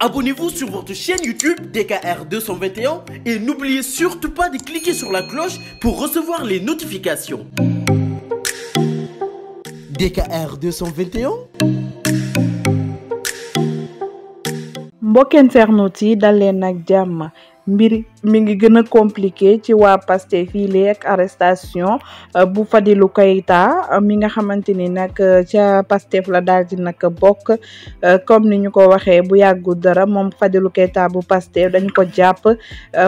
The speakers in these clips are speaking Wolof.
abonnez-vous sur votre chaîne YouTube dkr et n'oubliez surtout pas de cliquer sur la cloche pour recevoir les notifications. DKR221. mbokk internautes yi dal leen ak mbir mi ngi gën a compliqué ci waa Pastef fii lee ak arrestation euh, bu Fadilou Keïta euh, mi nga xamante ni nag euh, ca Pastef la daal di nag bokk comme ni ñu ko waxee bu yàggul dara moom Fadilou Keïta bu Pastef dañ ko jàpp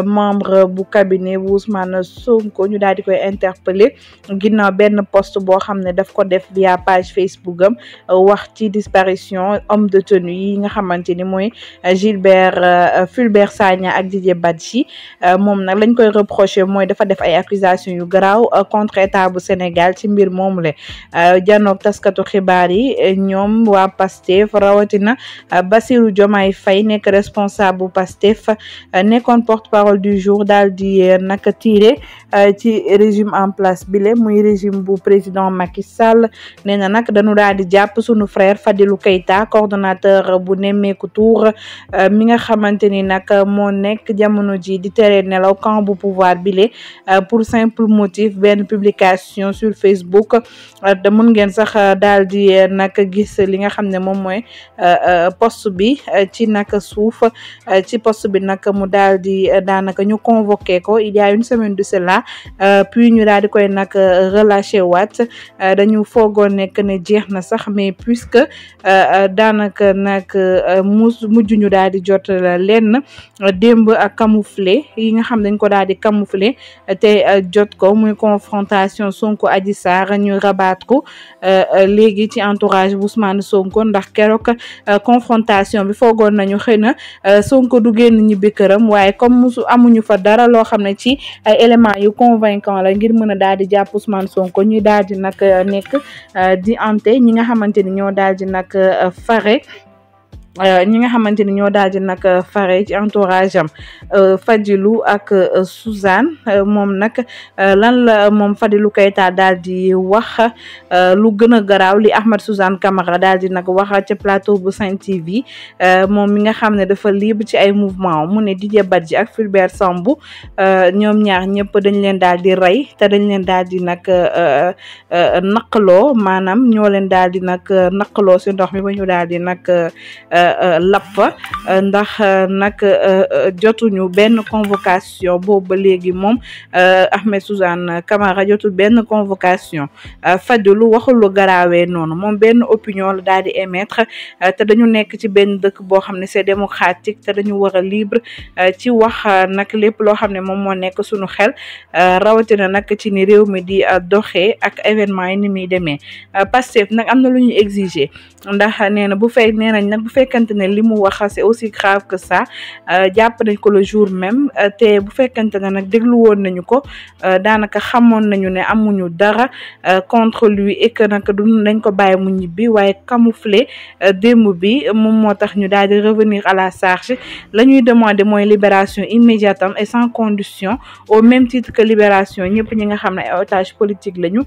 membre bu cabinet bu Ousmane Sonko ñu daal di koy interpellé ginnaaw benn post boo xam ne daf ko def via page Facebook am wax ci disparition homme de tenue yi nga xamante ni mooy Gilbert Fulbert Sagna ak Didier Badji Euh, moom nag lañ koy reproché mooy dafa def ay accusations yu garaaw euh, contre état bu Sénégal ci mbir moomu le euh, janoog taskatu xibaar yi ñoom waa Pastef rawatina basiru Diomaye fay nekk responsable bu Pastef nekkoon porte-parole du jour daal di nag tiré ci régime en place bi le muy régime bu président Macky Sall nee na nag dañu daal di jàpp sunu frère Fadilou Keita coordonnateur bu Nemmeeku Tour mi nga xamante ni nag moo nekk jamono ji di tere nelaw camp bu pouvoir bile euh, pour simple motif benn publication sur Facebook da euh, mun ngeen sax euh, daal di nag gis li nga xam ne moom mooy post bi ci nag suuf ci post bi nag mu daal di daanaka ñu convoqué ko il y a une semaine de cela puis ñu daal di koy nag relâché waat dañu foogoon nekk ne jeex na sax mais puisque daanaka nag mu mujj ñu daal di jot lenn démb ak yi nga xam dañ ko daal di camoufler te euh, jot ko muy confrontation Sonko aji Sarr ñu rabaat ko euh, euh, léegi ci entourage bu Ousmane Sonko ndax keroog confrontation bi foogoon nañu xëy na Sonko du génn ñibbi këram waaye comme musu amuñu fa dara loo xam ne ci ay yu convaincant la ngir mën a daal di jàpp Ousmane Sonko ñuy daal di nag nekk di ante ñi nga xamante ni ñoo daal di nag fare Euh, ñi nga xamante ni ñoo daal di nag euh, fare ci entourage am euh, Fadilou ak Suzanne moom nag lan la moom Fadilou Keita daal di wax lu gën a garaaw li Ahmed Suzanne Camara daal di nag wax ca plateau bu Sen TV moom mi nga xam ne dafa libre ci ay mouvement mu ne Didier Badji ak Fulbert Sambou ñoom ñaar ñëpp dañ leen daal di rey te dañ leen daal di nag naqaloo maanaam ñoo leen daal di nag naqaloo si ndox mi ba ñu daal di nag Euh, euh, lab fa euh, ndax nag jotuñu benn convocation boobu ba léegi moom Ahmed Suzanne Camara jotul benn convocation fajulu waxulu garaawee noonu moom benn opinion la daal di émettre te dañu nekk ci benn dëkk boo xam ne c'est démocratique te dañu war a libre ci wax nag lépp loo xam ne moom moo nekk suñu xel rawatina nag ci ni réew mi di a doxe ak événement yi ni muy demee Pastef nag am na lu ñuy exiger ndax nee bu fekk nee nañ bu fekk fekkante ne li mu wax c'est aussi grave que ça euh, jàpp nañ ko le jour même euh, te bu fekkente ne nag déglu woon nañu ko euh, daanaka xamoon nañu ne amuñu dara contre lui et que nag du nañ ko bàyyi mu ñibbi waaye camouflé démb bi moom moo tax ñu daal di revenir à la charge la ñuy demander mooy libération immédiate am et sans condition au même titre que libération ñëpp ñi nga xam ne ay otage politique lañu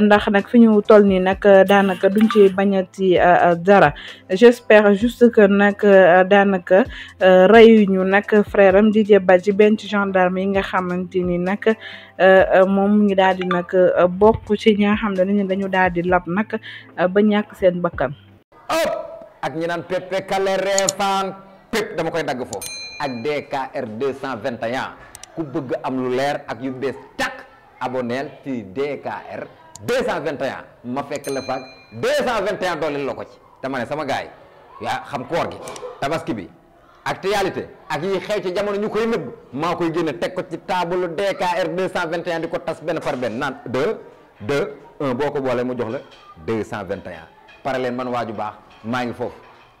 ndax nag fi ñu toll nii nag daanaka duñ ci bañati dara j'espère juste que nag euh, daanaka euh, reyuñu nag frère am Didier Badji benn ci gendarme yi nga xamante ni nag euh, moom ngi daal di nag bokk ci ñi nga xam ne dañu daal di lab nag ba ñàkk seen bakkan ak ñi naan péppe kale reefaan pépp dama koy dagg foofu ak DKR 221 ku bëgg am lu leer ak yu bees tàkk aboneel ci DKR 221 ma fekk la faag 221 dooleel la ko ci dama ne sama gaay yaa xam koor gi tabaski bi actualité ak yi xew ci jamono ñu koy nëbb maa koy génne teg ko ci de table DKR 221 di ko tas benn par benn naan 2 de 1 boo ko boolee mu jox la 221 pare leen man waaju baax maa ngi foofu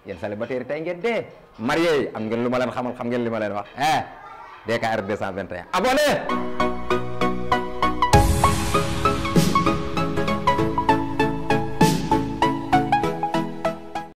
yéen célibataire yi tey ngeen dee marié yi am ngeen lu ma leen xamal xam ngeen li ma leen wax de eh DKR 221 abonné